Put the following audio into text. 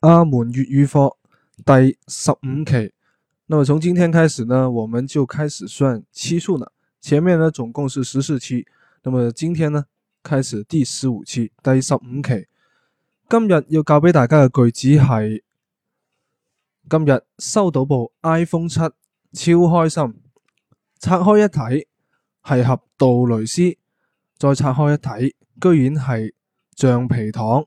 阿門粵語課第十五期，那麼從今天開始呢，我們就開始算期數了。前面呢總共是十四期，那麼今天呢開始第十五期。第十五期今日要教俾大家嘅句子係：今日收到部 iPhone 七，超開心。拆開一睇係盒杜蕾斯，再拆開一睇居然係橡皮糖。